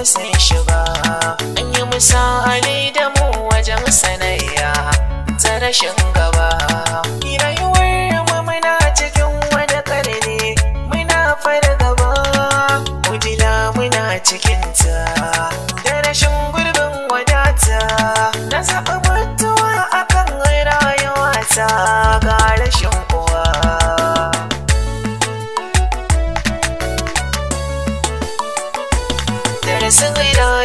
mu shi ba an yi misali da mu wajen sanayya ta rashin gaba rayuwar mu muna cikin wani karni muna fara gaba kujila muna cikin ta da rashin gurbin wadata na zaɓa mutuwa akan rayuwata ga rashin sun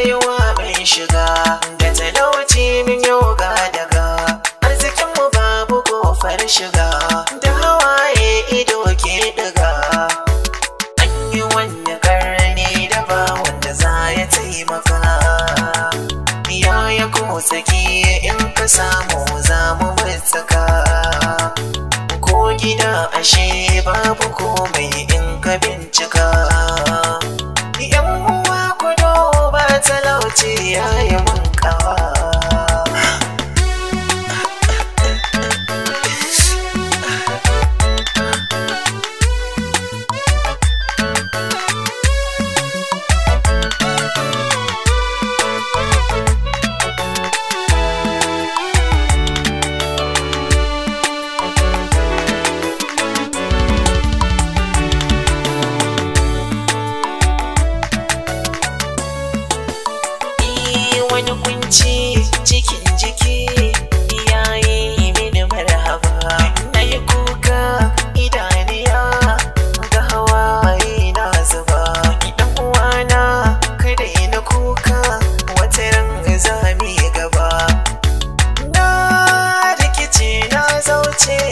yawa mun shiga da talauci min yau ga daga arzikinmu babu kofar shiga da hawaye ido ke daga an yi wanda karni da ba wanda za ya taimaka ya ya kusa in ka samu za mu mutsaka ko gida ashe babu komai in ka bin ci cikin jiki yayi mini marhaba na yi kuka idaniya ga hawaye na zuba idan uwana kada na kuka wata ran zami gaba na rikici na zauce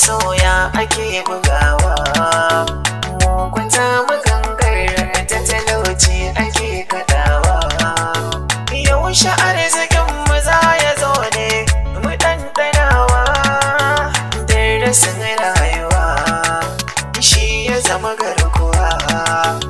masoya ake bugawa mugunta magangar ta talauci ake kadawa yaushe arzikin maza ya zo ne mu ɗanɗanawa darasin rayuwa shi ya zama garkuwa